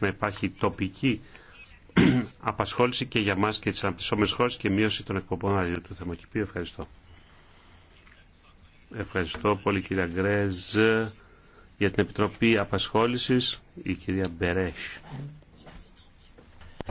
να υπάρχει τοπική απασχόληση και για μας και τις αναπτυσσόμενες χώρες και μείωση των εκπομπών αερίου του θερμοκηπίου. Ευχαριστώ. Ευχαριστώ πολύ κυρία Γκρέζ για την Επιτροπή Απασχόλησης η κυρία Μπερέσ.